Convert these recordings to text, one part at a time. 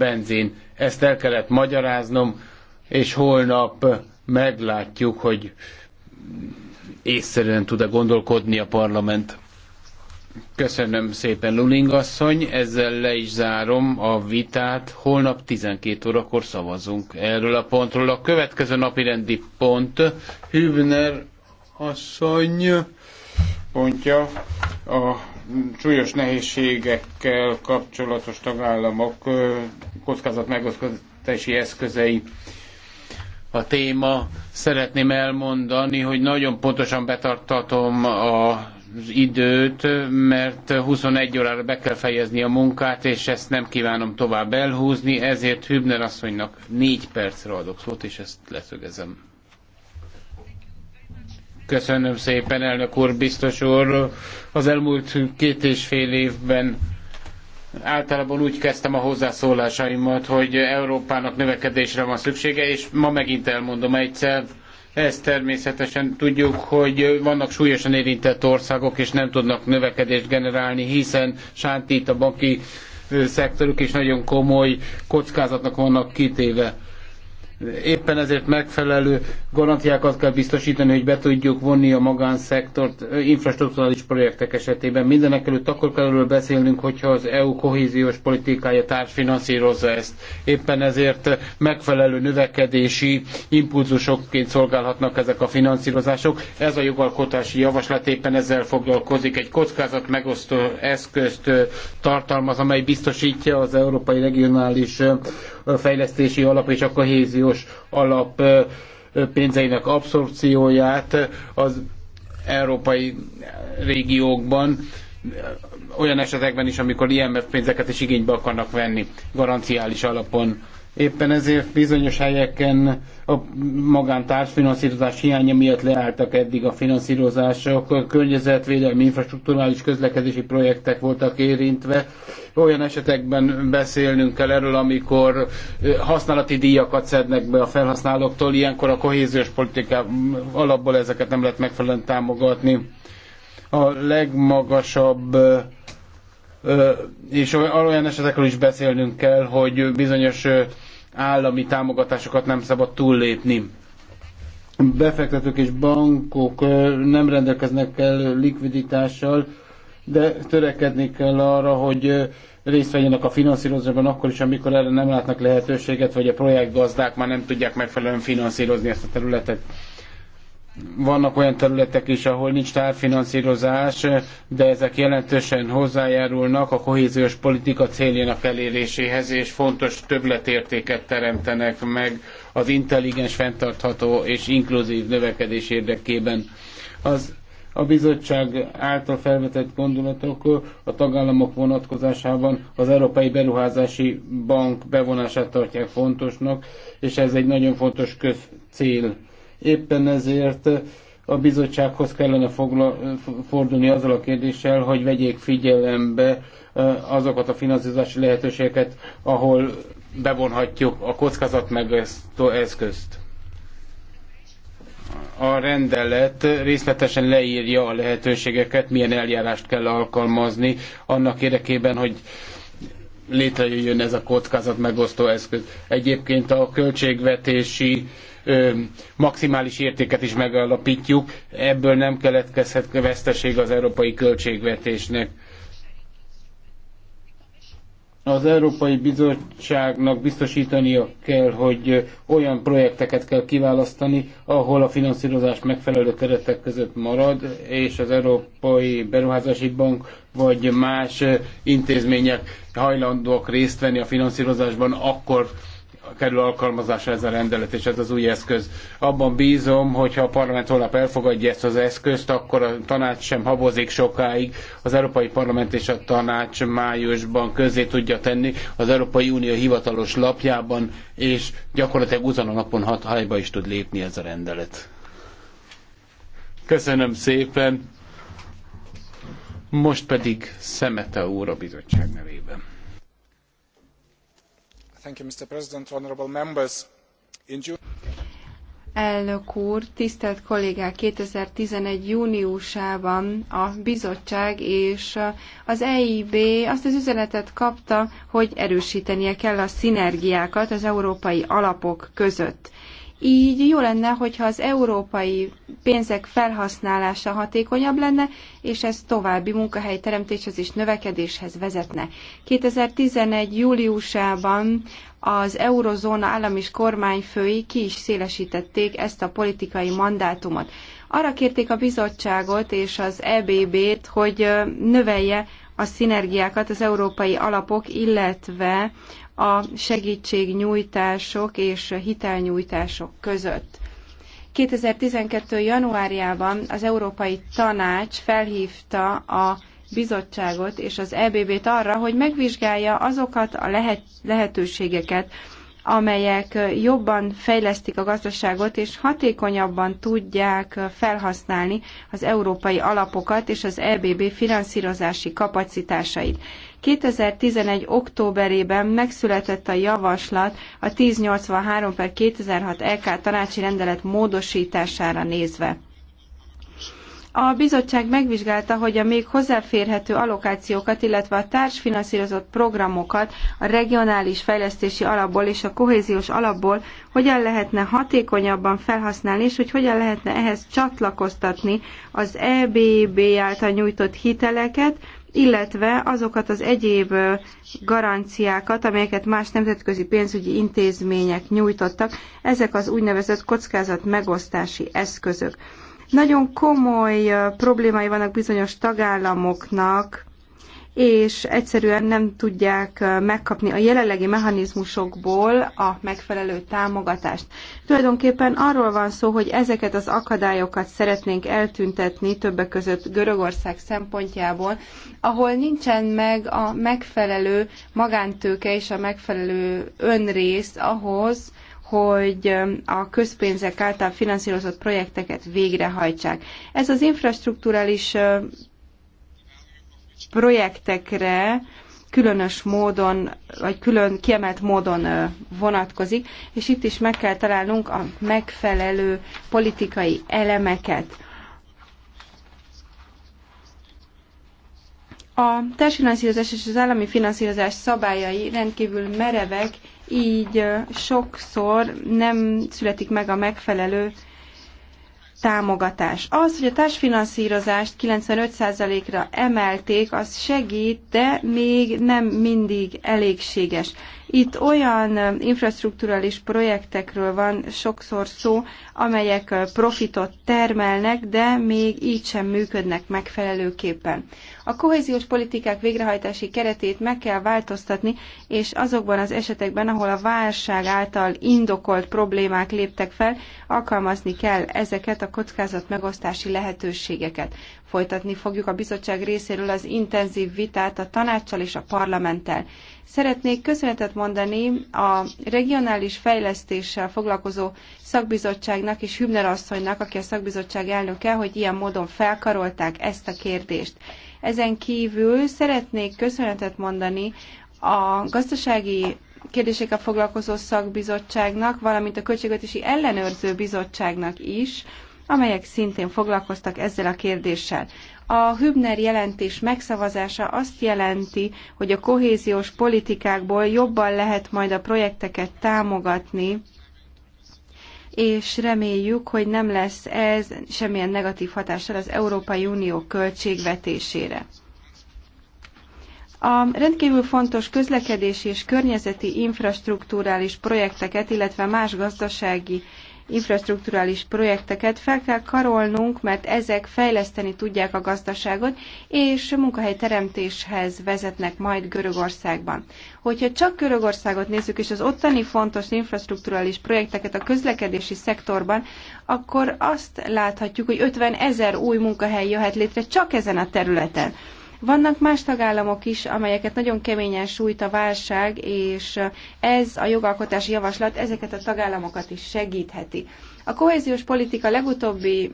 benzin. Ezt el kellett magyaráznom, és holnap meglátjuk, hogy észszerűen tud-e gondolkodni a parlament. Köszönöm szépen, Luling asszony, ezzel le is zárom a vitát. Holnap 12 órakor szavazunk erről a pontról. A következő napi rendi pont Hübner asszony pontja a súlyos nehézségekkel kapcsolatos tagállamok kockázat megosztási eszközei a téma. Szeretném elmondani, hogy nagyon pontosan betartatom a az időt, mert 21 órára be kell fejezni a munkát, és ezt nem kívánom tovább elhúzni, ezért Hübner asszonynak 4 percre adok szót, és ezt leszögezem. Köszönöm szépen, elnök úr, biztos úr. Az elmúlt két és fél évben általában úgy kezdtem a hozzászólásaimat, hogy Európának növekedésre van szüksége, és ma megint elmondom egyszer, ezt természetesen tudjuk, hogy vannak súlyosan érintett országok, és nem tudnak növekedést generálni, hiszen sántít a banki szektoruk is nagyon komoly kockázatnak vannak kitéve Éppen ezért megfelelő garantiákat kell biztosítani, hogy be tudjuk vonni a magánszektort infrastruktúrális projektek esetében. Mindenek előtt akkor kell erről beszélnünk, hogyha az EU kohéziós politikája társfinanszírozza ezt. Éppen ezért megfelelő növekedési impulzusokként szolgálhatnak ezek a finanszírozások. Ez a jogalkotási javaslat éppen ezzel foglalkozik. Egy kockázat megosztó eszközt tartalmaz, amely biztosítja az Európai Regionális Fejlesztési Alap és a kohézió kohéziós alap pénzeinek abszorpcióját az európai régiókban, olyan esetekben is, amikor IMF pénzeket is igénybe akarnak venni garanciális alapon. Éppen ezért bizonyos helyeken a magántársfinanszírozás hiánya miatt leálltak eddig a finanszírozások, a környezetvédelmi, infrastruktúrális közlekedési projektek voltak érintve. Olyan esetekben beszélnünk kell erről, amikor használati díjakat szednek be a felhasználóktól, ilyenkor a kohéziós politika alapból ezeket nem lehet megfelelően támogatni. A legmagasabb és olyan esetekről is beszélnünk kell, hogy bizonyos állami támogatásokat nem szabad túllépni. Befektetők és bankok nem rendelkeznek el likviditással, de törekedni kell arra, hogy részt vegyenek a finanszírozásban akkor is, amikor erre nem látnak lehetőséget, vagy a projektgazdák már nem tudják megfelelően finanszírozni ezt a területet vannak olyan területek is, ahol nincs tárfinanszírozás, de ezek jelentősen hozzájárulnak a kohéziós politika céljának eléréséhez, és fontos többletértéket teremtenek meg az intelligens, fenntartható és inkluzív növekedés érdekében. Az a bizottság által felvetett gondolatok a tagállamok vonatkozásában az Európai Beruházási Bank bevonását tartják fontosnak, és ez egy nagyon fontos közcél Éppen ezért a bizottsághoz kellene fogla, fordulni azzal a kérdéssel, hogy vegyék figyelembe azokat a finanszírozási lehetőségeket, ahol bevonhatjuk a kockázat a eszközt. A rendelet részletesen leírja a lehetőségeket, milyen eljárást kell alkalmazni annak érdekében, hogy létrejöjjön ez a kockázat megosztó eszköz. Egyébként a költségvetési maximális értéket is megállapítjuk, ebből nem keletkezhet veszteség az európai költségvetésnek. Az Európai Bizottságnak biztosítania kell, hogy olyan projekteket kell kiválasztani, ahol a finanszírozás megfelelő keretek között marad, és az Európai Beruházási Bank vagy más intézmények hajlandóak részt venni a finanszírozásban, akkor kerül alkalmazásra ez a rendelet és ez az új eszköz. Abban bízom, hogyha a parlament holnap elfogadja ezt az eszközt, akkor a tanács sem habozik sokáig. Az Európai Parlament és a tanács májusban közé tudja tenni az Európai Unió hivatalos lapjában, és gyakorlatilag uzan a napon hat hajba is tud lépni ez a rendelet. Köszönöm szépen! Most pedig Szemete úr a bizottság nevében. Elnök úr, tisztelt kollégák, eleven júniusában a bizottság és az EIB azt az üzenetet kapta, hogy erősítenie kell a szinergiákat az európai alapok között. Így jó lenne, hogyha az európai pénzek felhasználása hatékonyabb lenne, és ez további munkahelyteremtéshez és növekedéshez vezetne. 2011. júliusában az eurozóna állam és kormányfői ki is szélesítették ezt a politikai mandátumot. Arra kérték a bizottságot és az EBB-t, hogy növelje a szinergiákat az európai alapok, illetve a segítségnyújtások és hitelnyújtások között. 2012. januárjában az Európai Tanács felhívta a bizottságot és az EBB-t arra, hogy megvizsgálja azokat a lehet, lehetőségeket, amelyek jobban fejlesztik a gazdaságot, és hatékonyabban tudják felhasználni az európai alapokat és az EBB finanszírozási kapacitásait. 2011. októberében megszületett a javaslat a 1083 per 2006 LK e tanácsi rendelet módosítására nézve. A bizottság megvizsgálta, hogy a még hozzáférhető allokációkat, illetve a társfinanszírozott programokat a regionális fejlesztési alapból és a kohéziós alapból hogyan lehetne hatékonyabban felhasználni, és hogy hogyan lehetne ehhez csatlakoztatni az EBB által nyújtott hiteleket, illetve azokat az egyéb garanciákat, amelyeket más nemzetközi pénzügyi intézmények nyújtottak, ezek az úgynevezett kockázat megosztási eszközök. Nagyon komoly problémái vannak bizonyos tagállamoknak, és egyszerűen nem tudják megkapni a jelenlegi mechanizmusokból a megfelelő támogatást. Tulajdonképpen arról van szó, hogy ezeket az akadályokat szeretnénk eltüntetni többek között Görögország szempontjából, ahol nincsen meg a megfelelő magántőke és a megfelelő önrész ahhoz, hogy a közpénzek által finanszírozott projekteket végrehajtsák. Ez az infrastruktúrális projektekre különös módon, vagy külön kiemelt módon vonatkozik, és itt is meg kell találnunk a megfelelő politikai elemeket. A társfinanszírozás és az állami finanszírozás szabályai rendkívül merevek így sokszor nem születik meg a megfelelő támogatás. Az, hogy a társfinanszírozást 95%-ra emelték, az segít, de még nem mindig elégséges. Itt olyan infrastruktúrális projektekről van sokszor szó, amelyek profitot termelnek, de még így sem működnek megfelelőképpen. A kohéziós politikák végrehajtási keretét meg kell változtatni, és azokban az esetekben, ahol a válság által indokolt problémák léptek fel, alkalmazni kell ezeket a kockázat megosztási lehetőségeket. Folytatni fogjuk a bizottság részéről az intenzív vitát a tanácssal és a parlamenttel. Szeretnék köszönetet mondani a regionális fejlesztéssel foglalkozó szakbizottságnak és Hübner asszonynak, aki a szakbizottság elnöke, hogy ilyen módon felkarolták ezt a kérdést. Ezen kívül szeretnék köszönetet mondani a gazdasági kérdésekkel foglalkozó szakbizottságnak, valamint a Költségvetési Ellenőrző Bizottságnak is, amelyek szintén foglalkoztak ezzel a kérdéssel. A Hübner jelentés megszavazása azt jelenti, hogy a kohéziós politikákból jobban lehet majd a projekteket támogatni, és reméljük, hogy nem lesz ez semmilyen negatív hatással az Európai Unió költségvetésére. A rendkívül fontos közlekedési és környezeti infrastruktúrális projekteket, illetve más gazdasági infrastruktúrális projekteket fel kell karolnunk, mert ezek fejleszteni tudják a gazdaságot, és munkahelyteremtéshez vezetnek majd Görögországban. Hogyha csak Görögországot nézzük, és az ottani fontos infrastruktúrális projekteket a közlekedési szektorban, akkor azt láthatjuk, hogy 50 ezer új munkahely jöhet létre csak ezen a területen. Vannak más tagállamok is, amelyeket nagyon keményen sújt a válság, és ez a jogalkotási javaslat ezeket a tagállamokat is segítheti. A kohéziós politika legutóbbi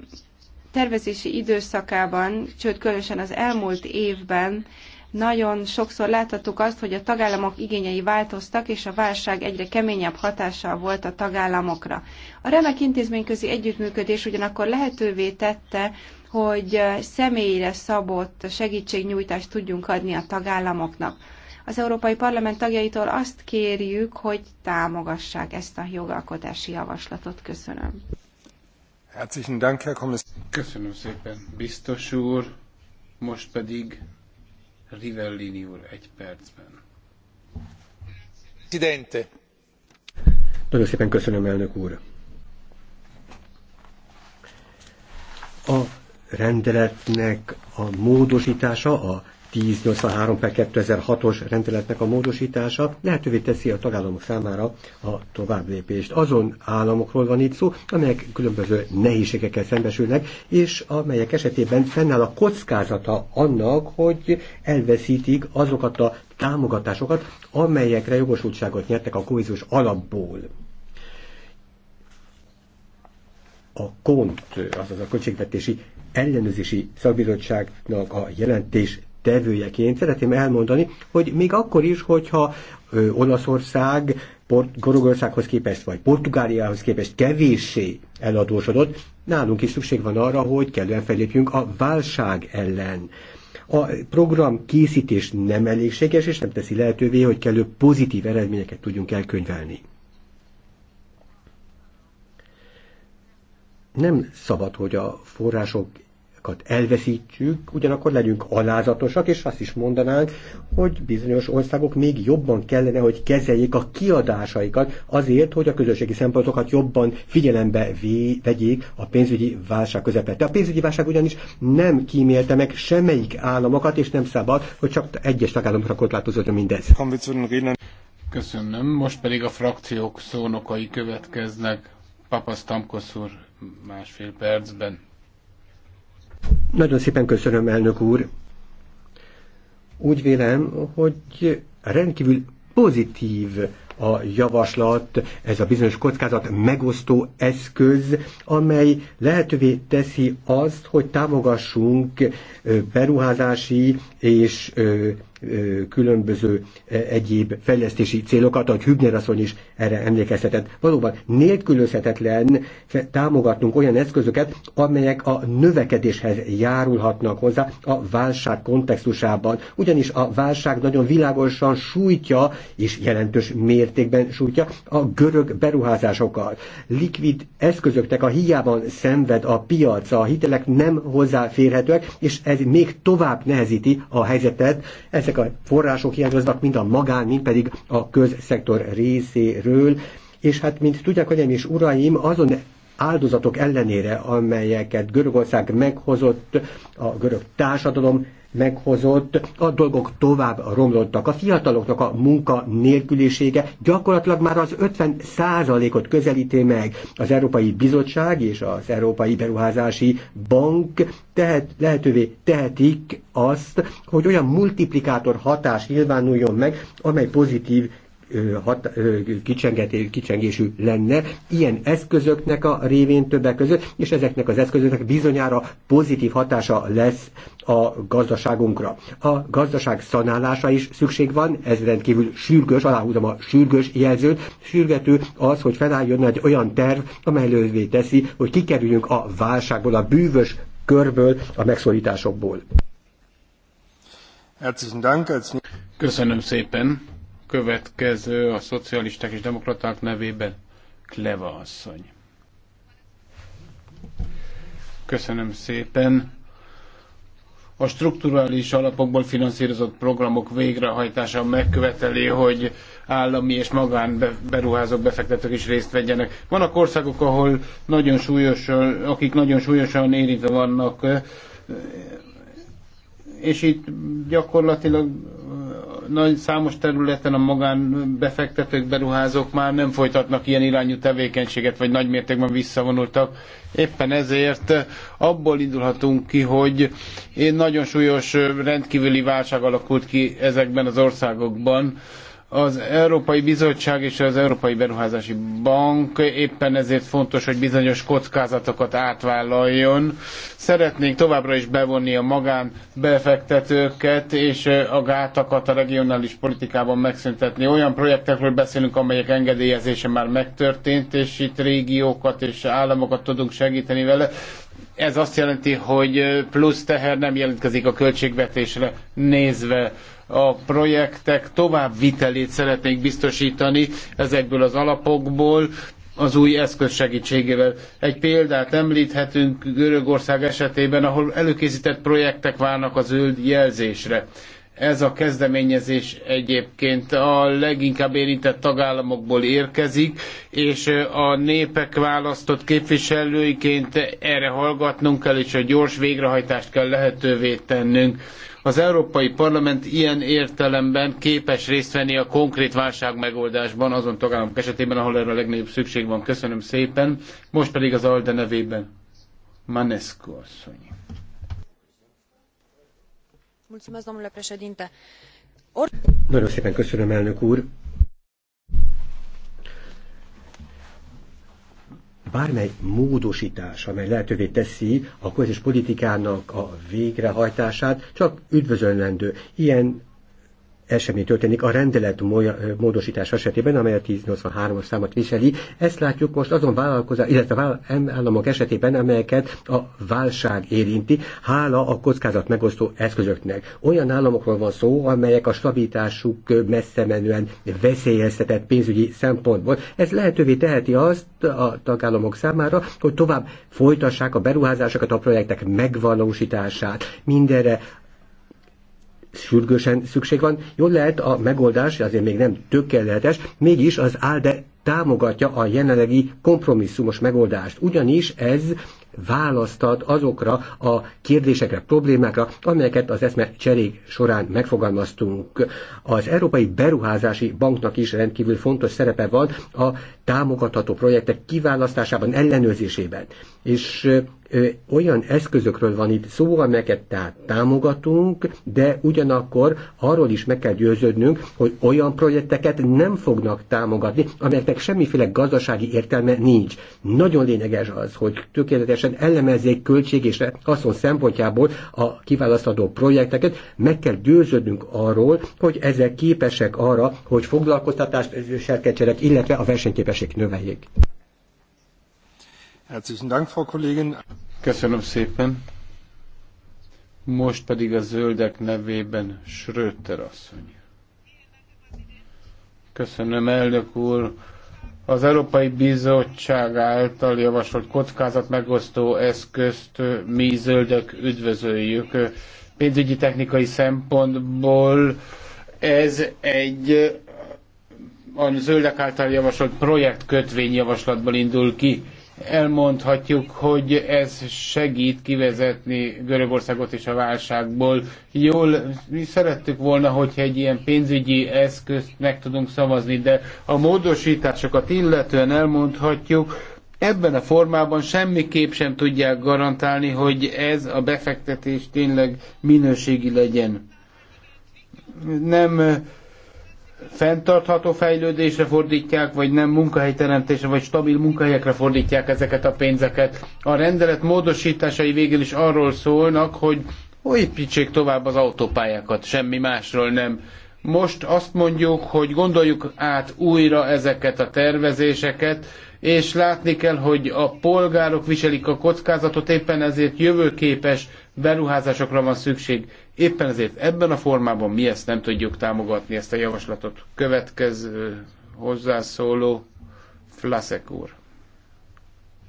tervezési időszakában, sőt különösen az elmúlt évben nagyon sokszor láthattuk azt, hogy a tagállamok igényei változtak, és a válság egyre keményebb hatással volt a tagállamokra. A remek intézményközi együttműködés ugyanakkor lehetővé tette, hogy személyre szabott segítségnyújtást tudjunk adni a tagállamoknak. Az Európai Parlament tagjaitól azt kérjük, hogy támogassák ezt a jogalkotási javaslatot. Köszönöm. Herzlichen Dank, Herr Köszönöm szépen, biztos úr. Most pedig Rivellini úr egy percben. Presidente. Nagyon szépen köszönöm, elnök úr. rendeletnek a módosítása, a 1083 per 2006-os rendeletnek a módosítása lehetővé teszi a tagállamok számára a továbblépést. Azon államokról van itt szó, amelyek különböző nehézségekkel szembesülnek, és amelyek esetében fennáll a kockázata annak, hogy elveszítik azokat a támogatásokat, amelyekre jogosultságot nyertek a kohéziós alapból a kont, azaz a költségvetési ellenőrzési szakbizottságnak a jelentés tevőjeként szeretném elmondani, hogy még akkor is, hogyha ö, Olaszország Port- Gorogországhoz képest, vagy Portugáliához képest kevéssé eladósodott, nálunk is szükség van arra, hogy kellően felépjünk a válság ellen. A program készítés nem elégséges, és nem teszi lehetővé, hogy kellő pozitív eredményeket tudjunk elkönyvelni. nem szabad, hogy a forrásokat elveszítjük, ugyanakkor legyünk alázatosak, és azt is mondanánk, hogy bizonyos országok még jobban kellene, hogy kezeljék a kiadásaikat azért, hogy a közösségi szempontokat jobban figyelembe vegyék a pénzügyi válság közepette. A pénzügyi válság ugyanis nem kímélte meg semmelyik államokat, és nem szabad, hogy csak egyes tagállamokra korlátozódjon mindez. Köszönöm, most pedig a frakciók szónokai következnek. Papasztamkosz úr másfél percben. Nagyon szépen köszönöm, elnök úr. Úgy vélem, hogy rendkívül pozitív a javaslat, ez a bizonyos kockázat megosztó eszköz, amely lehetővé teszi azt, hogy támogassunk beruházási és különböző egyéb fejlesztési célokat, ahogy Hübner asszony is erre emlékeztetett. Valóban nélkülözhetetlen támogatnunk olyan eszközöket, amelyek a növekedéshez járulhatnak hozzá a válság kontextusában. Ugyanis a válság nagyon világosan sújtja, és jelentős mértékben sújtja a görög beruházásokat. Likvid eszközöknek a hiában szenved a piac, a hitelek nem hozzáférhetőek, és ez még tovább nehezíti a helyzetet. Ezek ezek a források hiányoznak mind a magán, mind pedig a közszektor részéről, és hát, mint tudják, hogy is uraim, azon áldozatok ellenére, amelyeket Görögország meghozott a görög társadalom meghozott, a dolgok tovább romlottak. A fiataloknak a munka nélkülisége gyakorlatilag már az 50 százalékot közelíti meg. Az Európai Bizottság és az Európai Beruházási Bank tehet, lehetővé tehetik azt, hogy olyan multiplikátor hatás nyilvánuljon meg, amely pozitív hat, kicsengésű lenne ilyen eszközöknek a révén többek között, és ezeknek az eszközöknek bizonyára pozitív hatása lesz a gazdaságunkra. A gazdaság szanálása is szükség van, ez rendkívül sürgős, aláhúzom a sürgős jelzőt, sürgető az, hogy felálljon egy olyan terv, amely lővé teszi, hogy kikerüljünk a válságból, a bűvös körből, a megszorításokból. Köszönöm szépen következő a szocialisták és demokraták nevében Kleva asszony. Köszönöm szépen. A strukturális alapokból finanszírozott programok végrehajtása megköveteli, hogy állami és beruházók, befektetők is részt vegyenek. Vannak országok, ahol nagyon súlyos, akik nagyon súlyosan érintve vannak, és itt gyakorlatilag nagy számos területen a magánbefektetők, beruházók már nem folytatnak ilyen irányú tevékenységet, vagy nagy mértékben visszavonultak. Éppen ezért abból indulhatunk ki, hogy én nagyon súlyos rendkívüli válság alakult ki ezekben az országokban, az Európai Bizottság és az Európai Beruházási Bank éppen ezért fontos, hogy bizonyos kockázatokat átvállaljon. Szeretnénk továbbra is bevonni a magán befektetőket és a gátakat a regionális politikában megszüntetni. Olyan projektekről beszélünk, amelyek engedélyezése már megtörtént, és itt régiókat és államokat tudunk segíteni vele ez azt jelenti, hogy plusz teher nem jelentkezik a költségvetésre nézve a projektek továbbvitelét szeretnénk biztosítani ezekből az alapokból, az új eszköz segítségével. Egy példát említhetünk Görögország esetében, ahol előkészített projektek várnak a zöld jelzésre. Ez a kezdeményezés egyébként a leginkább érintett tagállamokból érkezik, és a népek választott képviselőiként erre hallgatnunk kell, és a gyors végrehajtást kell lehetővé tennünk. Az Európai Parlament ilyen értelemben képes részt venni a konkrét válságmegoldásban azon tagállamok esetében, ahol erre a legnagyobb szükség van. Köszönöm szépen. Most pedig az ALDE nevében Manescu asszony. Nagyon szépen köszönöm, elnök úr. bármely módosítás, amely lehetővé teszi a közös politikának a végrehajtását, csak üdvözöllendő. Ilyen esemény történik a rendelet módosítás esetében, amely a 1083-as számot viseli. Ezt látjuk most azon vállalkozás, illetve államok esetében, amelyeket a válság érinti, hála a kockázat megosztó eszközöknek. Olyan államokról van szó, amelyek a stabilitásuk messze menően veszélyeztetett pénzügyi szempontból. Ez lehetővé teheti azt a tagállamok számára, hogy tovább folytassák a beruházásokat, a projektek megvalósítását. Mindenre sürgősen szükség van. Jól lehet a megoldás, azért még nem tökéletes, mégis az ALDE támogatja a jelenlegi kompromisszumos megoldást. Ugyanis ez választad azokra a kérdésekre, problémákra, amelyeket az eszme cserék során megfogalmaztunk. Az Európai Beruházási Banknak is rendkívül fontos szerepe van a támogatható projektek kiválasztásában, ellenőrzésében. És olyan eszközökről van itt szó, amelyeket tehát támogatunk, de ugyanakkor arról is meg kell győződnünk, hogy olyan projekteket nem fognak támogatni, amelyeknek semmiféle gazdasági értelme nincs. Nagyon lényeges az, hogy tökéletesen elemezzék költség és haszon szempontjából a kiválasztandó projekteket, meg kell győződnünk arról, hogy ezek képesek arra, hogy foglalkoztatást serkecserek, illetve a versenyképességet tessék, növeljék. Köszönöm szépen. Most pedig a zöldek nevében Schröter asszony. Köszönöm, elnök úr. Az Európai Bizottság által javasolt kockázat megosztó eszközt mi zöldek üdvözöljük. Pénzügyi technikai szempontból ez egy a zöldek által javasolt javaslatból indul ki. Elmondhatjuk, hogy ez segít kivezetni Görögországot és a válságból. Jól, mi szerettük volna, hogy egy ilyen pénzügyi eszközt meg tudunk szavazni, de a módosításokat illetően elmondhatjuk, ebben a formában semmiképp sem tudják garantálni, hogy ez a befektetés tényleg minőségi legyen. Nem fenntartható fejlődésre fordítják, vagy nem munkahelyteremtésre, vagy stabil munkahelyekre fordítják ezeket a pénzeket. A rendelet módosításai végül is arról szólnak, hogy építsék tovább az autópályákat, semmi másról nem. Most azt mondjuk, hogy gondoljuk át újra ezeket a tervezéseket, és látni kell, hogy a polgárok viselik a kockázatot, éppen ezért jövőképes beruházásokra van szükség. Éppen ezért ebben a formában mi ezt nem tudjuk támogatni, ezt a javaslatot. Következő hozzászóló Flaszek úr.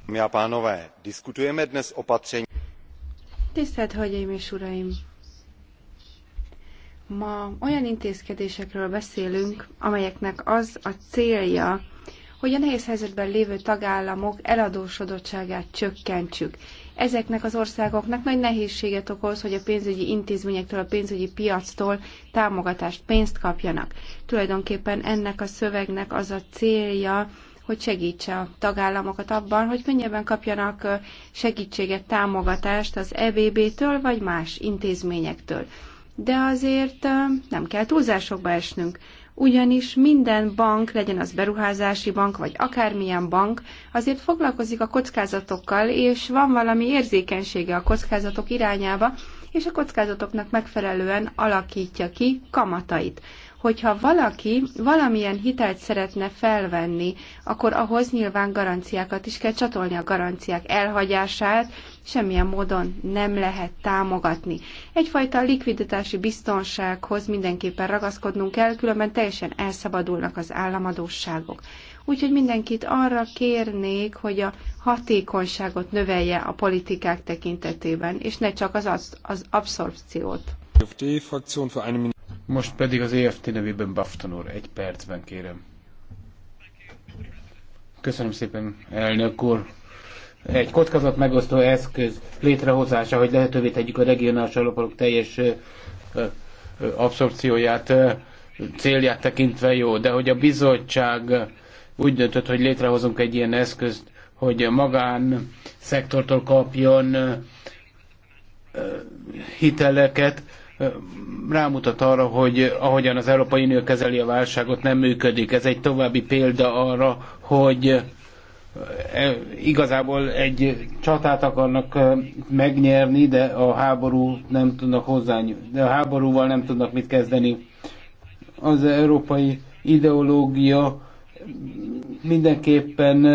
Mi a pánové, diskutujeme dnes opatření. Tisztelt Hölgyeim és Uraim! Ma olyan intézkedésekről beszélünk, amelyeknek az a célja, hogy a nehéz helyzetben lévő tagállamok eladósodottságát csökkentsük ezeknek az országoknak nagy nehézséget okoz, hogy a pénzügyi intézményektől, a pénzügyi piactól támogatást, pénzt kapjanak. Tulajdonképpen ennek a szövegnek az a célja, hogy segítse a tagállamokat abban, hogy könnyebben kapjanak segítséget, támogatást az EBB-től vagy más intézményektől. De azért nem kell túlzásokba esnünk ugyanis minden bank, legyen az beruházási bank, vagy akármilyen bank, azért foglalkozik a kockázatokkal, és van valami érzékenysége a kockázatok irányába, és a kockázatoknak megfelelően alakítja ki kamatait hogyha valaki valamilyen hitelt szeretne felvenni, akkor ahhoz nyilván garanciákat is kell csatolni. A garanciák elhagyását semmilyen módon nem lehet támogatni. Egyfajta likviditási biztonsághoz mindenképpen ragaszkodnunk kell, különben teljesen elszabadulnak az államadóságok. Úgyhogy mindenkit arra kérnék, hogy a hatékonyságot növelje a politikák tekintetében, és ne csak az, az abszorpciót. Most pedig az EFT nevében Bafton úr, egy percben kérem. Köszönöm szépen, elnök úr. Egy kockázat megosztó eszköz létrehozása, hogy lehetővé tegyük a regionális alapok teljes abszorpcióját, célját tekintve jó, de hogy a bizottság úgy döntött, hogy létrehozunk egy ilyen eszközt, hogy a magán szektortól kapjon hiteleket, rámutat arra, hogy ahogyan az Európai Unió kezeli a válságot, nem működik. Ez egy további példa arra, hogy e, igazából egy csatát akarnak megnyerni, de a háború nem tudnak hozzá, de a háborúval nem tudnak mit kezdeni. Az európai ideológia mindenképpen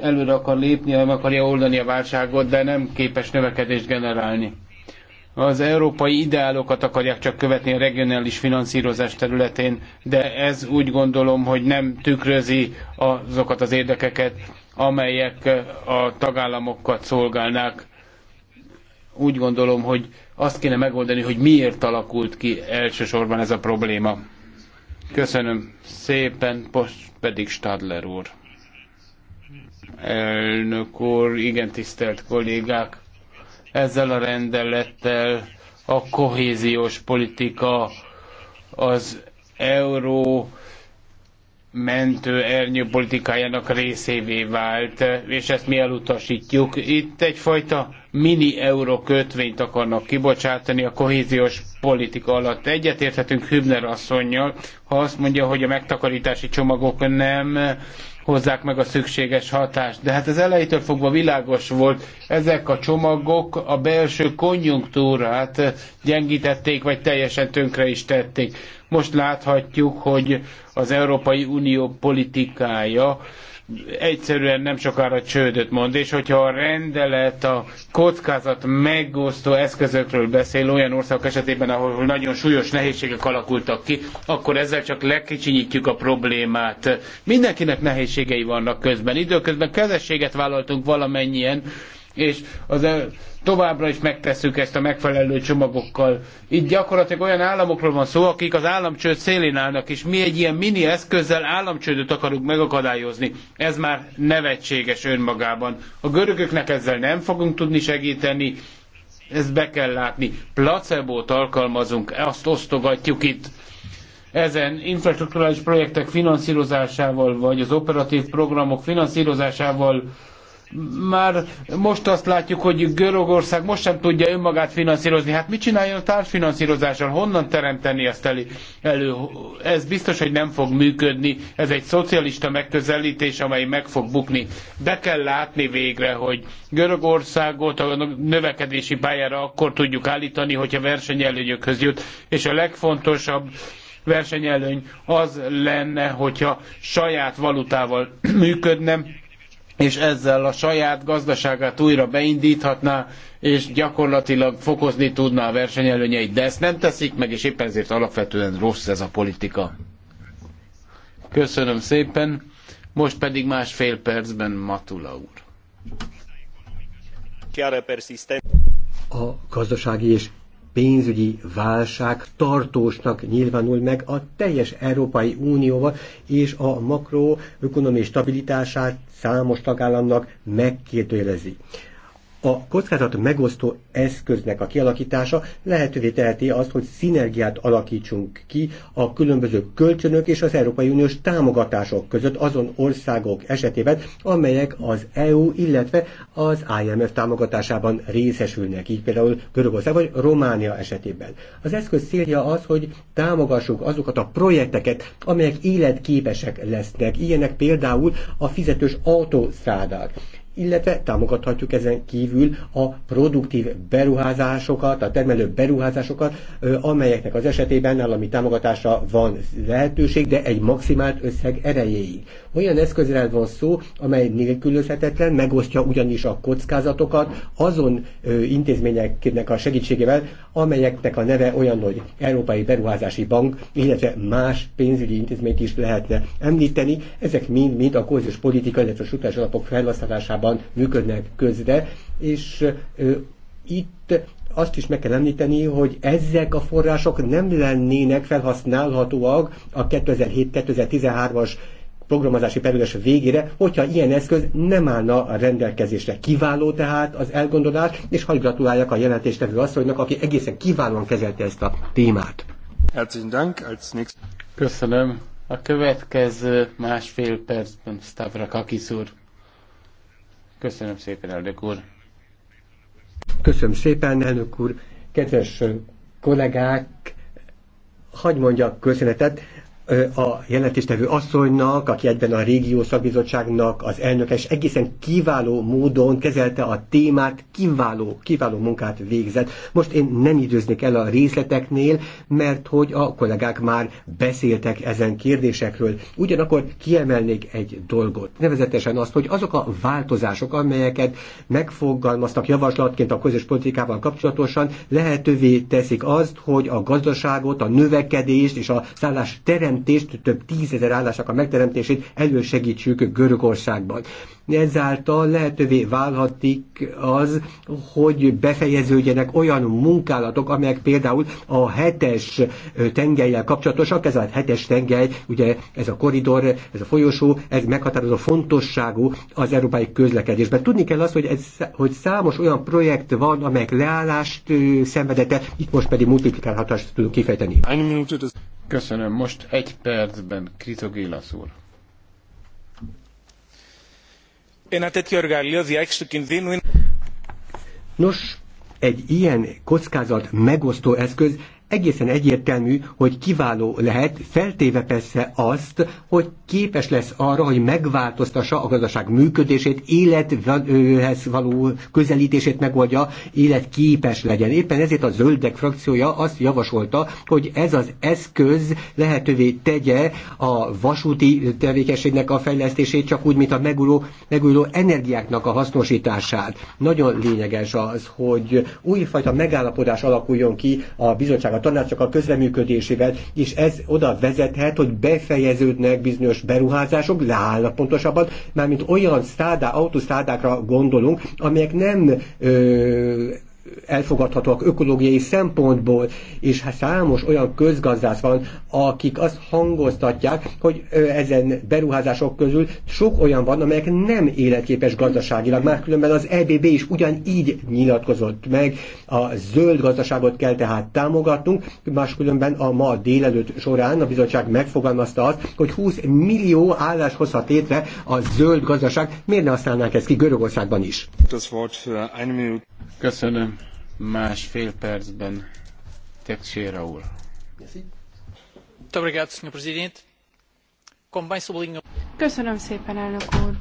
előre akar lépni, meg akarja oldani a válságot, de nem képes növekedést generálni az európai ideálokat akarják csak követni a regionális finanszírozás területén, de ez úgy gondolom, hogy nem tükrözi azokat az érdekeket, amelyek a tagállamokat szolgálnák. Úgy gondolom, hogy azt kéne megoldani, hogy miért alakult ki elsősorban ez a probléma. Köszönöm szépen, most pedig Stadler úr. Elnök úr, igen tisztelt kollégák! Ezzel a rendelettel a kohéziós politika az euró mentő ernyő politikájának részévé vált, és ezt mi elutasítjuk. Itt egyfajta mini euró kötvényt akarnak kibocsátani a kohéziós politika alatt. Egyetérthetünk Hübner asszonynal, ha azt mondja, hogy a megtakarítási csomagok nem hozzák meg a szükséges hatást. De hát ez elejétől fogva világos volt, ezek a csomagok a belső konjunktúrát hát, eh, gyengítették, vagy teljesen tönkre is tették. Most láthatjuk, hogy az Európai Unió politikája egyszerűen nem sokára csődöt mond, és hogyha a rendelet a kockázat megosztó eszközökről beszél olyan országok esetében, ahol nagyon súlyos nehézségek alakultak ki, akkor ezzel csak lekicsinyítjük a problémát. Mindenkinek nehézségei vannak közben. Időközben kezességet vállaltunk valamennyien, és az továbbra is megtesszük ezt a megfelelő csomagokkal. Itt gyakorlatilag olyan államokról van szó, akik az államcsőd szélén állnak, és mi egy ilyen mini eszközzel államcsődöt akarunk megakadályozni. Ez már nevetséges önmagában. A görögöknek ezzel nem fogunk tudni segíteni, ezt be kell látni. Placebót alkalmazunk, azt osztogatjuk itt. Ezen infrastruktúrális projektek finanszírozásával, vagy az operatív programok finanszírozásával már most azt látjuk, hogy Görögország most sem tudja önmagát finanszírozni. Hát mit csináljon a társfinanszírozással? Honnan teremteni ezt elő? elő? Ez biztos, hogy nem fog működni. Ez egy szocialista megközelítés, amely meg fog bukni. Be kell látni végre, hogy Görögországot a növekedési pályára akkor tudjuk állítani, hogyha versenyelőnyökhöz jut. És a legfontosabb versenyelőny az lenne, hogyha saját valutával működne, és ezzel a saját gazdaságát újra beindíthatná, és gyakorlatilag fokozni tudná a versenyelőnyeit, de ezt nem teszik meg, és éppen ezért alapvetően rossz ez a politika. Köszönöm szépen, most pedig másfél percben Matula úr. A gazdasági és pénzügyi válság tartósnak nyilvánul meg a teljes Európai Unióval, és a makroökonomi stabilitását számos tagállamnak megkérdőjelezi. A kockázat megosztó eszköznek a kialakítása lehetővé teheti azt, hogy szinergiát alakítsunk ki a különböző kölcsönök és az Európai Uniós támogatások között azon országok esetében, amelyek az EU, illetve az IMF támogatásában részesülnek, így például Görögország vagy Románia esetében. Az eszköz célja az, hogy támogassuk azokat a projekteket, amelyek életképesek lesznek, ilyenek például a fizetős autószádák illetve támogathatjuk ezen kívül a produktív beruházásokat, a termelő beruházásokat, amelyeknek az esetében állami támogatásra van lehetőség, de egy maximált összeg erejéig. Olyan eszközrel van szó, amely nélkülözhetetlen, megosztja ugyanis a kockázatokat azon intézményeknek a segítségével, amelyeknek a neve olyan, hogy Európai Beruházási Bank, illetve más pénzügyi intézményt is lehetne említeni. Ezek mind-mind a kohéziós politika, illetve a alapok felhasználásában Európában működnek közre, és itt azt is meg kell említeni, hogy ezek a források nem lennének felhasználhatóak a 2007-2013-as programozási periódus végére, hogyha ilyen eszköz nem állna a rendelkezésre. Kiváló tehát az elgondolás, és hagy gratuláljak a jelentéstevő asszonynak, aki egészen kiválóan kezelte ezt a témát. Köszönöm. A következő másfél percben Stavrakakis úr. Köszönöm szépen, elnök úr. Köszönöm szépen, elnök úr. Kedves kollégák, hagy mondjak köszönetet a jelentéstevő asszonynak, aki egyben a régió szakbizottságnak az elnöke, és egészen kiváló módon kezelte a témát, kiváló, kiváló munkát végzett. Most én nem időznék el a részleteknél, mert hogy a kollégák már beszéltek ezen kérdésekről. Ugyanakkor kiemelnék egy dolgot, nevezetesen azt, hogy azok a változások, amelyeket megfogalmaztak javaslatként a közös politikával kapcsolatosan, lehetővé teszik azt, hogy a gazdaságot, a növekedést és a szállás terem teremtést, több tízezer állásnak a megteremtését elősegítsük Görögországban ezáltal lehetővé válhatik az, hogy befejeződjenek olyan munkálatok, amelyek például a hetes tengelyel kapcsolatosak, ez a hetes tengely, ugye ez a koridor, ez a folyosó, ez meghatározó fontosságú az európai közlekedésben. Tudni kell azt, hogy, ez, hogy számos olyan projekt van, amelyek leállást szenvedete, itt most pedig multiplikálhatást tudunk kifejteni. Köszönöm, most egy percben Kritogélasz úr. Ένα τέτοιο εργαλείο διάχυση του κινδύνου είναι... Nos, egy ilyen kockázat megosztó eszköz egészen egyértelmű, hogy kiváló lehet, feltéve persze azt, hogy képes lesz arra, hogy megváltoztassa a gazdaság működését, élethez való közelítését megoldja, életképes legyen. Éppen ezért a zöldek frakciója azt javasolta, hogy ez az eszköz lehetővé tegye a vasúti tevékenységnek a fejlesztését, csak úgy, mint a megújuló, megújuló energiáknak a hasznosítását. Nagyon lényeges az, hogy újfajta megállapodás alakuljon ki a bizottság a tanácsok a közreműködésével, és ez oda vezethet, hogy befejeződnek bizonyos beruházások, leállnak pontosabban, mármint olyan szádá, autószádákra gondolunk, amelyek nem ö, elfogadhatóak ökológiai szempontból, és hát számos olyan közgazdász van, akik azt hangoztatják, hogy ezen beruházások közül sok olyan van, amelyek nem életképes gazdaságilag, már különben az EBB is ugyanígy nyilatkozott meg, a zöld gazdaságot kell tehát támogatnunk, máskülönben a ma délelőtt során a bizottság megfogalmazta azt, hogy 20 millió állás hozhat létre a zöld gazdaság, miért ne használnánk ezt ki Görögországban is? Das Wort für eine Köszönöm. Másfél percben Teixeira úr. Köszönöm szépen, elnök úr.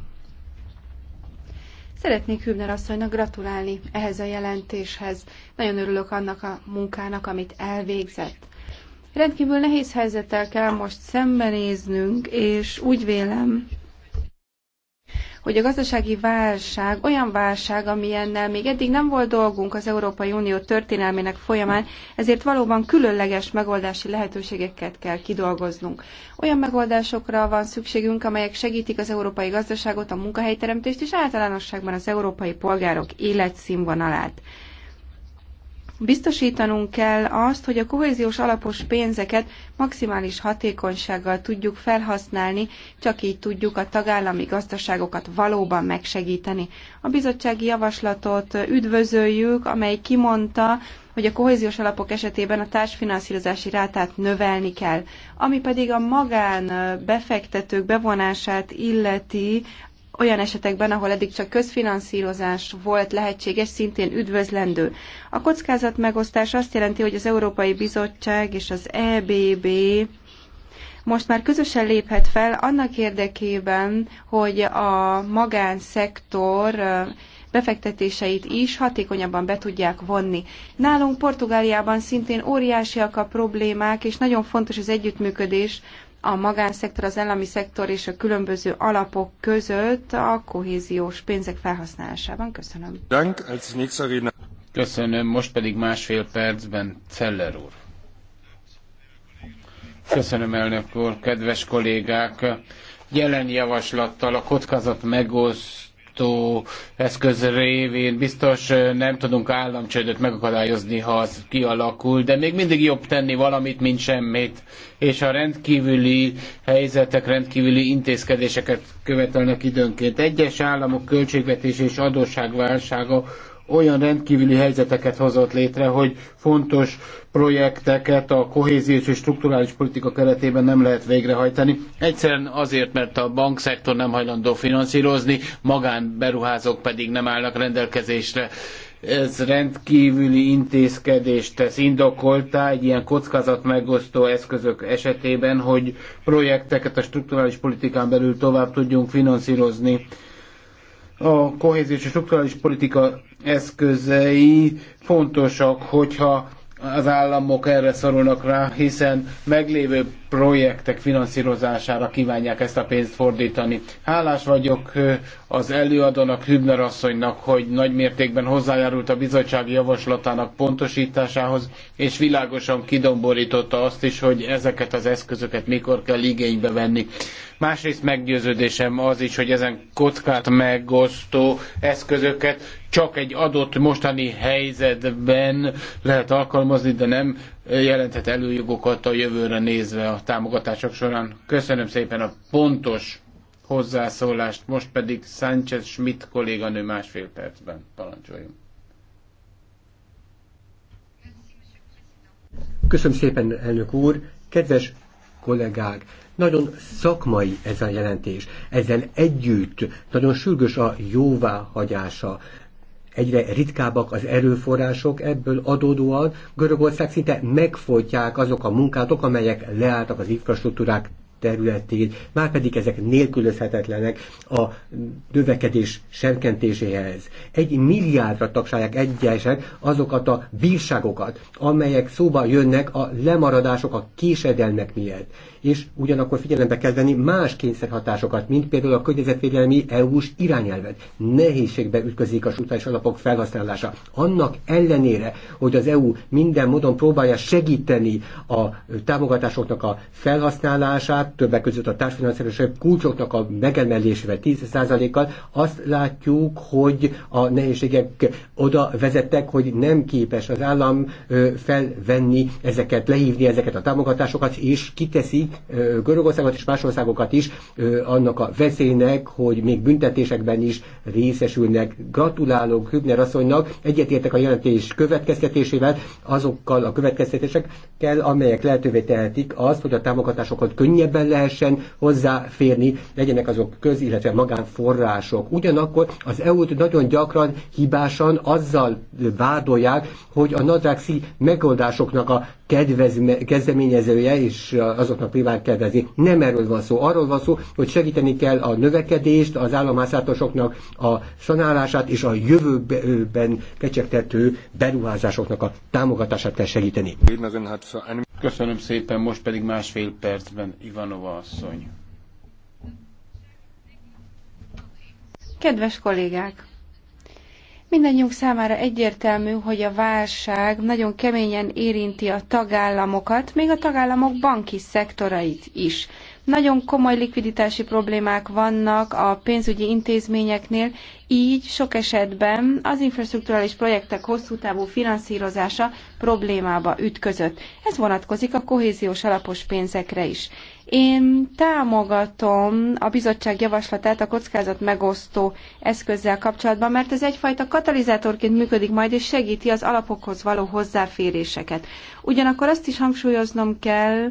Szeretnék Hübner asszonynak gratulálni ehhez a jelentéshez. Nagyon örülök annak a munkának, amit elvégzett. Rendkívül nehéz helyzettel kell most szembenéznünk, és úgy vélem, hogy a gazdasági válság olyan válság, amilyennel még eddig nem volt dolgunk az Európai Unió történelmének folyamán, ezért valóban különleges megoldási lehetőségeket kell kidolgoznunk. Olyan megoldásokra van szükségünk, amelyek segítik az európai gazdaságot, a munkahelyteremtést és általánosságban az európai polgárok életszínvonalát. Biztosítanunk kell azt, hogy a kohéziós alapos pénzeket maximális hatékonysággal tudjuk felhasználni, csak így tudjuk a tagállami gazdaságokat valóban megsegíteni. A bizottsági javaslatot üdvözöljük, amely kimondta, hogy a kohéziós alapok esetében a társfinanszírozási rátát növelni kell. Ami pedig a magán befektetők bevonását illeti olyan esetekben, ahol eddig csak közfinanszírozás volt lehetséges, szintén üdvözlendő. A kockázat megosztás azt jelenti, hogy az Európai Bizottság és az EBB most már közösen léphet fel annak érdekében, hogy a magánszektor befektetéseit is hatékonyabban be tudják vonni. Nálunk Portugáliában szintén óriásiak a problémák, és nagyon fontos az együttműködés a magánszektor, az állami szektor és a különböző alapok között a kohéziós pénzek felhasználásában. Köszönöm. Köszönöm, most pedig másfél percben Celler úr. Köszönöm, elnök úr, kedves kollégák! Jelen javaslattal a kockázat megoszt kiszolgáltató eszköz révén biztos nem tudunk államcsődöt megakadályozni, ha az kialakul, de még mindig jobb tenni valamit, mint semmit. És a rendkívüli helyzetek, rendkívüli intézkedéseket követelnek időnként. Egyes államok költségvetés és adósságválsága olyan rendkívüli helyzeteket hozott létre, hogy fontos projekteket a kohéziós és strukturális politika keretében nem lehet végrehajtani. Egyszerűen azért, mert a bankszektor nem hajlandó finanszírozni, magánberuházók pedig nem állnak rendelkezésre ez rendkívüli intézkedést tesz indokoltá egy ilyen kockázat megosztó eszközök esetében, hogy projekteket a strukturális politikán belül tovább tudjunk finanszírozni a kohéziós és strukturális politika eszközei fontosak, hogyha az államok erre szorulnak rá, hiszen meglévő projektek finanszírozására kívánják ezt a pénzt fordítani. Hálás vagyok az előadónak, Hübner asszonynak, hogy nagy mértékben hozzájárult a bizottság javaslatának pontosításához, és világosan kidomborította azt is, hogy ezeket az eszközöket mikor kell igénybe venni. Másrészt meggyőződésem az is, hogy ezen kockát megosztó eszközöket csak egy adott mostani helyzetben lehet alkalmazni, de nem jelenthet előjogokat a jövőre nézve a támogatások során. Köszönöm szépen a pontos hozzászólást, most pedig Sánchez Schmidt kolléganő másfél percben parancsoljon. Köszönöm szépen, elnök úr! Kedves kollégák, nagyon szakmai ez a jelentés. Ezzel együtt nagyon sürgős a jóváhagyása egyre ritkábbak az erőforrások, ebből adódóan Görögország szinte megfolytják azok a munkátok, amelyek leálltak az infrastruktúrák területén, márpedig ezek nélkülözhetetlenek a növekedés serkentéséhez. Egy milliárdra tagsálják egyesek azokat a bírságokat, amelyek szóba jönnek a lemaradások, a késedelmek miatt és ugyanakkor figyelembe kell venni más kényszerhatásokat, mint például a környezetvédelmi EU-s irányelvet. Nehézségbe ütközik a struktúrális alapok felhasználása. Annak ellenére, hogy az EU minden módon próbálja segíteni a támogatásoknak a felhasználását, többek között a társfinanszírozási kulcsoknak a megemelésével 10%-kal, azt látjuk, hogy a nehézségek oda vezettek, hogy nem képes az állam felvenni ezeket, lehívni ezeket a támogatásokat, és kiteszi Görögországot és más országokat is annak a veszélynek, hogy még büntetésekben is részesülnek. Gratulálok Hübner asszonynak, egyetértek a jelentés következtetésével, azokkal a következtetésekkel, amelyek lehetővé tehetik azt, hogy a támogatásokat könnyebben lehessen hozzáférni, legyenek azok köz, illetve magánforrások. Ugyanakkor az EU-t nagyon gyakran hibásan azzal vádolják, hogy a nadrágszi megoldásoknak a kedvezme, kezdeményezője, és azoknak privát kedvezni. Nem erről van szó. Arról van szó, hogy segíteni kell a növekedést, az államászátosoknak a szanálását, és a jövőben kecsegtető beruházásoknak a támogatását kell segíteni. Köszönöm szépen, most pedig másfél percben Ivanova asszony. Kedves kollégák! Mindennyiunk számára egyértelmű, hogy a válság nagyon keményen érinti a tagállamokat, még a tagállamok banki szektorait is. Nagyon komoly likviditási problémák vannak a pénzügyi intézményeknél, így sok esetben az infrastruktúrális projektek hosszú távú finanszírozása problémába ütközött. Ez vonatkozik a kohéziós alapos pénzekre is. Én támogatom a bizottság javaslatát a kockázat megosztó eszközzel kapcsolatban, mert ez egyfajta katalizátorként működik majd, és segíti az alapokhoz való hozzáféréseket. Ugyanakkor azt is hangsúlyoznom kell,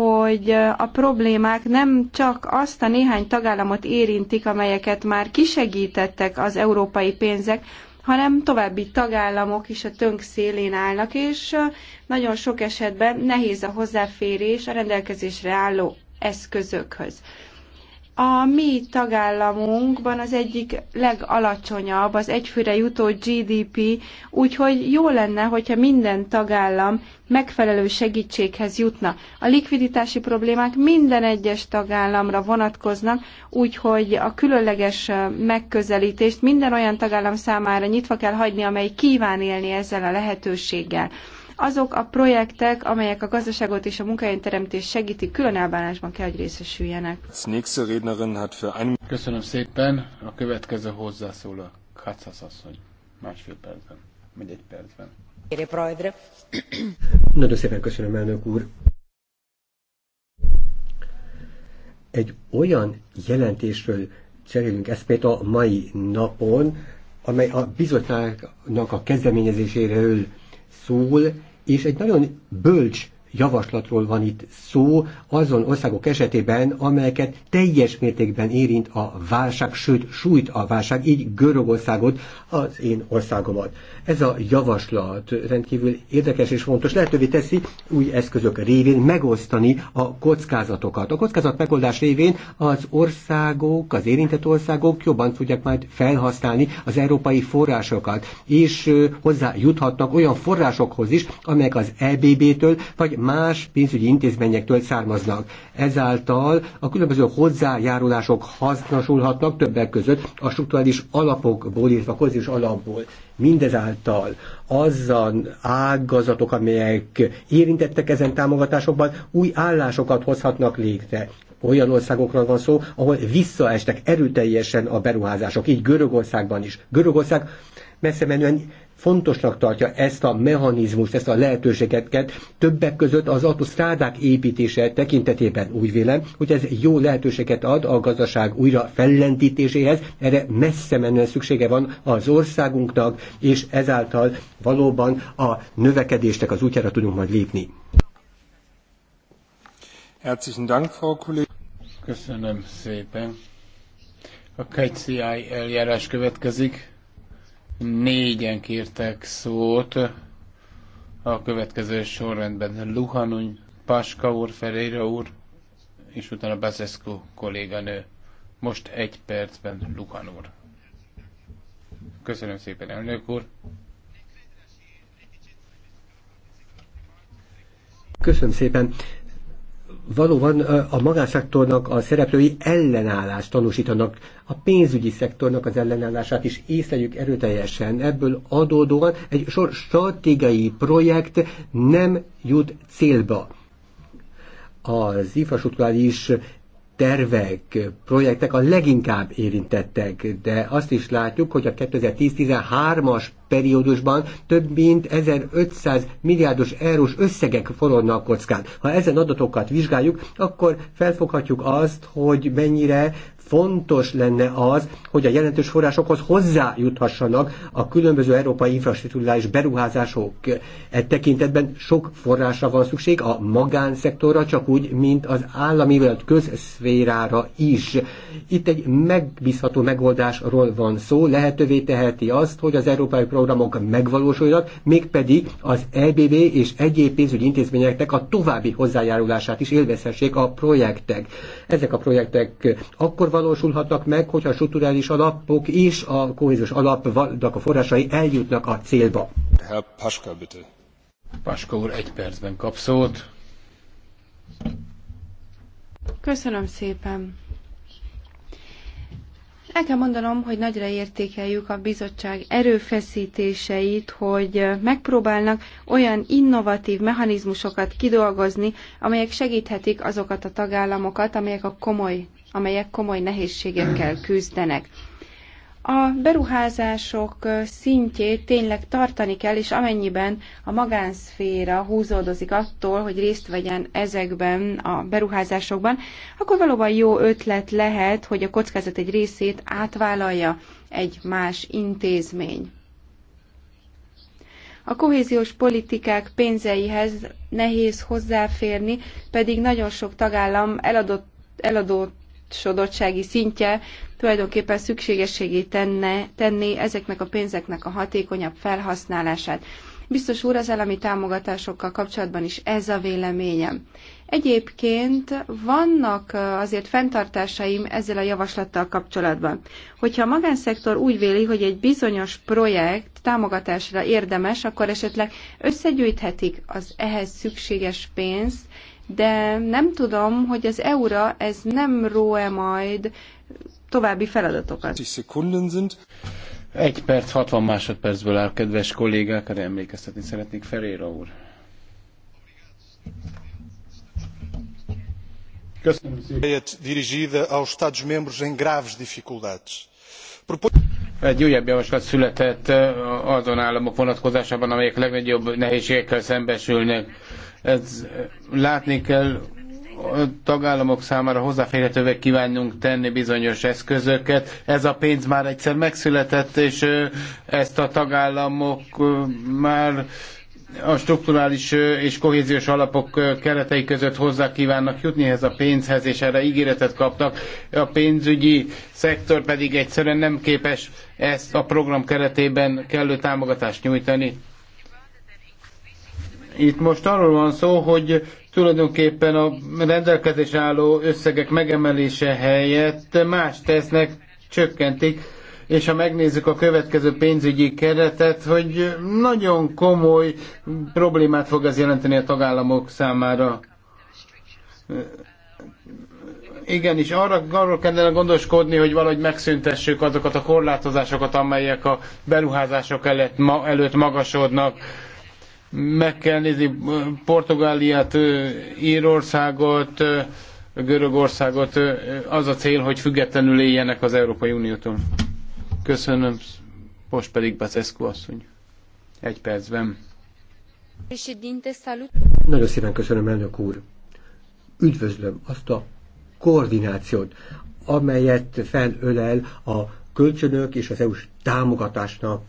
hogy a problémák nem csak azt a néhány tagállamot érintik, amelyeket már kisegítettek az európai pénzek, hanem további tagállamok is a tönk szélén állnak, és nagyon sok esetben nehéz a hozzáférés a rendelkezésre álló eszközökhöz. A mi tagállamunkban az egyik legalacsonyabb az egyfőre jutó GDP, úgyhogy jó lenne, hogyha minden tagállam megfelelő segítséghez jutna. A likviditási problémák minden egyes tagállamra vonatkoznak, úgyhogy a különleges megközelítést minden olyan tagállam számára nyitva kell hagyni, amely kíván élni ezzel a lehetőséggel azok a projektek, amelyek a gazdaságot és a munkahelyteremtést segítik, külön elbánásban kell, hogy részesüljenek. Köszönöm szépen. A következő hozzászól a Kacasz asszony. Másfél percben, vagy egy percben. Nagyon szépen köszönöm, elnök úr egy olyan jelentésről cserélünk eszmét a mai napon, amely a bizottságnak a kezdeményezéséről szól, és egy nagyon bölcs javaslatról van itt szó azon országok esetében, amelyeket teljes mértékben érint a válság, sőt sújt a válság, így Görögországot, az én országomat. Ez a javaslat rendkívül érdekes és fontos. Lehetővé teszi új eszközök révén megosztani a kockázatokat. A kockázat megoldás révén az országok, az érintett országok jobban tudják majd felhasználni az európai forrásokat, és hozzá juthatnak olyan forrásokhoz is, amelyek az EBB-től vagy más pénzügyi intézményektől származnak. Ezáltal a különböző hozzájárulások hasznosulhatnak többek között a struktúrális alapokból, illetve a kozis alapból. Mindezáltal azon ágazatok, amelyek érintettek ezen támogatásokban, új állásokat hozhatnak létre olyan országokról van szó, ahol visszaestek erőteljesen a beruházások, így Görögországban is. Görögország messze menően fontosnak tartja ezt a mechanizmust, ezt a lehetőségeket, többek között az autosztrádák építése tekintetében úgy vélem, hogy ez jó lehetőséget ad a gazdaság újra fellendítéséhez, erre messze menően szüksége van az országunknak, és ezáltal valóban a növekedésnek az útjára tudunk majd lépni. Herzlichen Dank, Frau Köszönöm szépen. A KCI eljárás következik. Négyen kértek szót a következő sorrendben. Luhanuny, Paska úr, Ferreira úr, és utána Bazescu kolléganő. Most egy percben Luhan úr. Köszönöm szépen, elnök úr. Köszönöm szépen valóban a magánszektornak a szereplői ellenállást tanúsítanak, a pénzügyi szektornak az ellenállását is észleljük erőteljesen. Ebből adódóan egy sor stratégiai projekt nem jut célba. Az infrastruktúrális tervek, projektek a leginkább érintettek, de azt is látjuk, hogy a 2010-13-as periódusban több mint 1500 milliárdos eurós összegek forognak kockán. Ha ezen adatokat vizsgáljuk, akkor felfoghatjuk azt, hogy mennyire fontos lenne az, hogy a jelentős forrásokhoz hozzájuthassanak a különböző európai infrastruktúrális beruházások. E tekintetben sok forrásra van szükség a magánszektorra, csak úgy, mint az állami vagy közszférára is. Itt egy megbízható megoldásról van szó, lehetővé teheti azt, hogy az európai programok megvalósuljanak, mégpedig az EBB és egyéb pénzügyi intézményeknek a további hozzájárulását is élvezhessék a projektek. Ezek a projektek akkor van valósulhatnak meg, hogyha a strukturális alapok és a kohéziós alapnak a forrásai eljutnak a célba. bitte. Paska úr, egy percben kap szót. Köszönöm szépen. El kell mondanom, hogy nagyra értékeljük a bizottság erőfeszítéseit, hogy megpróbálnak olyan innovatív mechanizmusokat kidolgozni, amelyek segíthetik azokat a tagállamokat, amelyek a komoly amelyek komoly nehézségekkel küzdenek. A beruházások szintjét tényleg tartani kell, és amennyiben a magánszféra húzódozik attól, hogy részt vegyen ezekben a beruházásokban, akkor valóban jó ötlet lehet, hogy a kockázat egy részét átvállalja egy más intézmény. A kohéziós politikák pénzeihez nehéz hozzáférni, pedig nagyon sok tagállam eladott eladott eladósodottsági szintje tulajdonképpen szükségességé tenne, tenni ezeknek a pénzeknek a hatékonyabb felhasználását. Biztos úr, az elemi támogatásokkal kapcsolatban is ez a véleményem. Egyébként vannak azért fenntartásaim ezzel a javaslattal kapcsolatban. Hogyha a magánszektor úgy véli, hogy egy bizonyos projekt támogatásra érdemes, akkor esetleg összegyűjthetik az ehhez szükséges pénzt, de nem tudom, hogy az eura, ez nem ró-e majd további feladatokat. Egy perc, 60 másodpercből áll, kedves kollégák, de emlékeztetni szeretnék Ferére úr. Köszönöm szépen. dirigida aos Estados-membros em graves dificuldades. Egy újabb javaslat született azon államok vonatkozásában, amelyek legnagyobb nehézségekkel szembesülnek. Ez látni kell, a tagállamok számára hozzáférhetővé kívánunk tenni bizonyos eszközöket. Ez a pénz már egyszer megszületett, és ezt a tagállamok már a strukturális és kohéziós alapok keretei között hozzá kívánnak jutni ehhez a pénzhez, és erre ígéretet kaptak. A pénzügyi szektor pedig egyszerűen nem képes ezt a program keretében kellő támogatást nyújtani. Itt most arról van szó, hogy tulajdonképpen a rendelkezés álló összegek megemelése helyett más tesznek, csökkentik és ha megnézzük a következő pénzügyi keretet, hogy nagyon komoly problémát fog ez jelenteni a tagállamok számára. Igen, és arra, arról kellene gondoskodni, hogy valahogy megszüntessük azokat a korlátozásokat, amelyek a beruházások előtt, ma, előtt magasodnak. Meg kell nézni Portugáliát, Írországot, Görögországot. Az a cél, hogy függetlenül éljenek az Európai Uniótól. Köszönöm, most pedig Bacescu asszony. Egy percben. Nagyon szépen köszönöm, elnök úr. Üdvözlöm azt a koordinációt, amelyet felölel a kölcsönök és az EU-s támogatásnak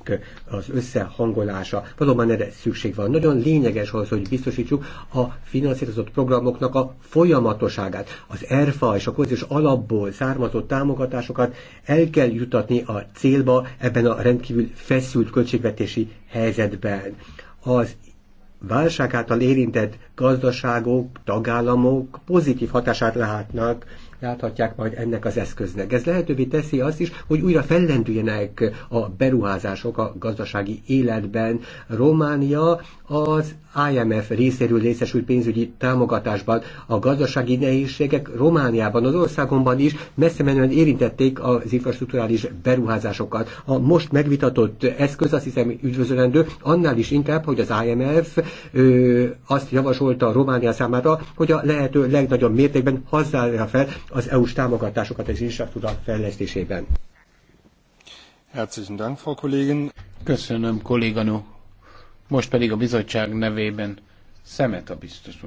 az összehangolása. Valóban erre szükség van. Nagyon lényeges az, hogy biztosítsuk a finanszírozott programoknak a folyamatosságát. Az ERFA és a közös alapból származó támogatásokat el kell jutatni a célba ebben a rendkívül feszült költségvetési helyzetben. Az válság által érintett gazdaságok, tagállamok pozitív hatását látnak láthatják majd ennek az eszköznek. Ez lehetővé teszi azt is, hogy újra fellendüljenek a beruházások a gazdasági életben. Románia az IMF részéről részesült pénzügyi támogatásban a gazdasági nehézségek Romániában, az országomban is messze menően érintették az infrastruktúrális beruházásokat. A most megvitatott eszköz azt hiszem üdvözölendő, annál is inkább, hogy az IMF ö, azt javasolta Románia számára, hogy a lehető legnagyobb mértékben hazzálja fel az EU-s támogatásokat az infrastruktúra fejlesztésében. Herzlichen Dank, Frau Kollégin. Köszönöm, kolléganő. Most pedig a bizottság nevében Szemet a biztos,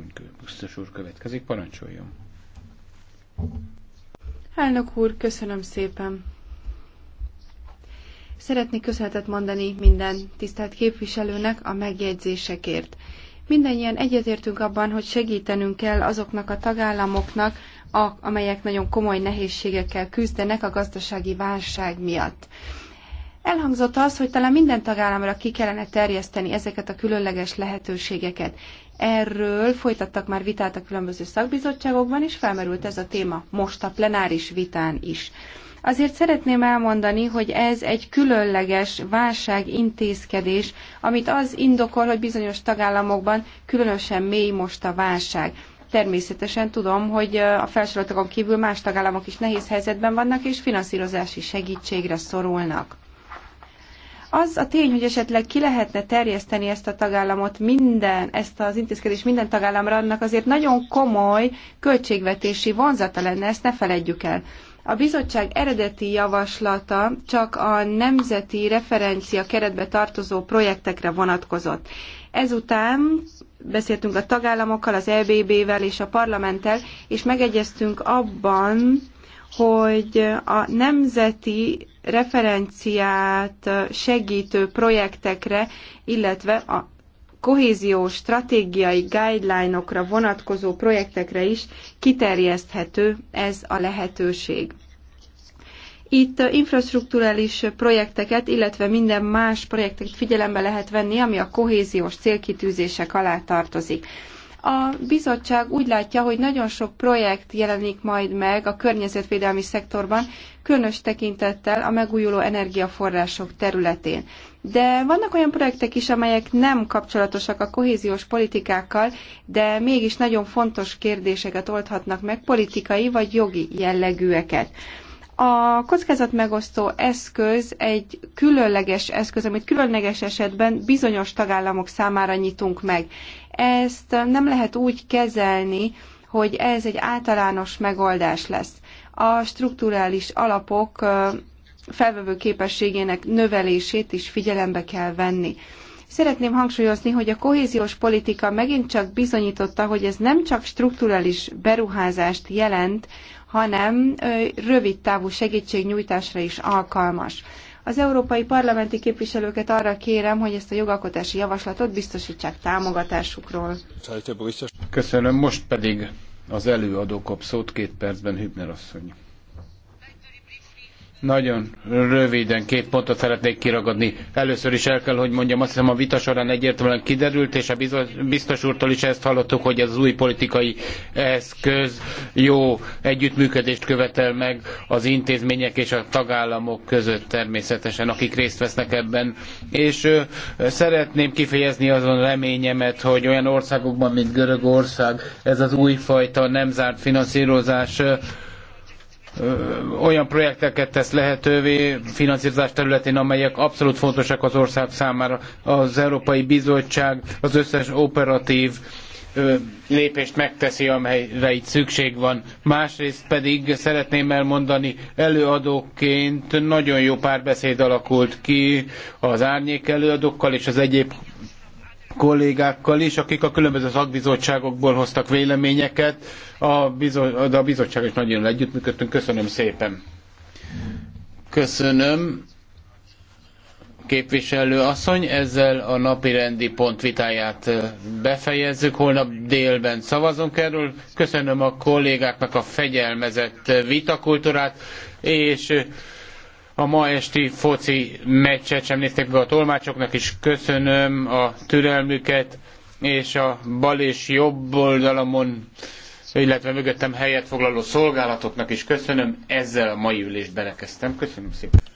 biztos úr következik, parancsoljon. Elnök úr, köszönöm szépen. Szeretnék köszönetet mondani minden tisztelt képviselőnek a megjegyzésekért. Mindennyian egyetértünk abban, hogy segítenünk kell azoknak a tagállamoknak, amelyek nagyon komoly nehézségekkel küzdenek a gazdasági válság miatt. Elhangzott az, hogy talán minden tagállamra ki kellene terjeszteni ezeket a különleges lehetőségeket. Erről folytattak már vitát a különböző szakbizottságokban, és felmerült ez a téma most a plenáris vitán is. Azért szeretném elmondani, hogy ez egy különleges válságintézkedés, amit az indokol, hogy bizonyos tagállamokban különösen mély most a válság. Természetesen tudom, hogy a felsoroltakon kívül más tagállamok is nehéz helyzetben vannak, és finanszírozási segítségre szorulnak. Az a tény, hogy esetleg ki lehetne terjeszteni ezt a tagállamot minden, ezt az intézkedést minden tagállamra, annak azért nagyon komoly költségvetési vonzata lenne, ezt ne feledjük el. A bizottság eredeti javaslata csak a nemzeti referencia keretbe tartozó projektekre vonatkozott. Ezután beszéltünk a tagállamokkal, az EBB-vel és a parlamenttel, és megegyeztünk abban, hogy a nemzeti referenciát segítő projektekre, illetve a kohéziós stratégiai guideline-okra vonatkozó projektekre is kiterjeszthető ez a lehetőség. Itt infrastruktúrális projekteket, illetve minden más projekteket figyelembe lehet venni, ami a kohéziós célkitűzések alá tartozik. A bizottság úgy látja, hogy nagyon sok projekt jelenik majd meg a környezetvédelmi szektorban, különös tekintettel a megújuló energiaforrások területén. De vannak olyan projektek is, amelyek nem kapcsolatosak a kohéziós politikákkal, de mégis nagyon fontos kérdéseket oldhatnak meg, politikai vagy jogi jellegűeket. A kockázatmegosztó eszköz egy különleges eszköz, amit különleges esetben bizonyos tagállamok számára nyitunk meg. Ezt nem lehet úgy kezelni, hogy ez egy általános megoldás lesz. A strukturális alapok felvevő képességének növelését is figyelembe kell venni. Szeretném hangsúlyozni, hogy a kohéziós politika megint csak bizonyította, hogy ez nem csak strukturális beruházást jelent, hanem rövid távú segítségnyújtásra is alkalmas. Az európai parlamenti képviselőket arra kérem, hogy ezt a jogalkotási javaslatot biztosítsák támogatásukról. Köszönöm, most pedig az előadó kap szót két percben Hübner asszony. Nagyon röviden két pontot szeretnék kiragadni. Először is el kell, hogy mondjam, azt hiszem a vita során egyértelműen kiderült, és a biztos úrtól is ezt hallottuk, hogy ez az új politikai eszköz jó együttműködést követel meg az intézmények és a tagállamok között természetesen, akik részt vesznek ebben. És ö, szeretném kifejezni azon reményemet, hogy olyan országokban, mint Görögország, ez az újfajta nem zárt finanszírozás olyan projekteket tesz lehetővé finanszírozás területén, amelyek abszolút fontosak az ország számára. Az Európai Bizottság az összes operatív lépést megteszi, amelyre itt szükség van. Másrészt pedig szeretném elmondani, előadóként nagyon jó párbeszéd alakult ki az árnyék előadókkal és az egyéb kollégákkal is, akik a különböző szakbizottságokból hoztak véleményeket, a bizo- de a bizottság is nagyon együttműködtünk. Köszönöm szépen. Köszönöm. Képviselő asszony, ezzel a napirendi pont vitáját befejezzük. Holnap délben szavazunk erről. Köszönöm a kollégáknak a fegyelmezett vitakultúrát, és a ma esti foci meccset sem nézték meg a tolmácsoknak is. Köszönöm a türelmüket, és a bal és jobb oldalamon, illetve mögöttem helyet foglaló szolgálatoknak is köszönöm. Ezzel a mai ülést belekezdtem. Köszönöm szépen.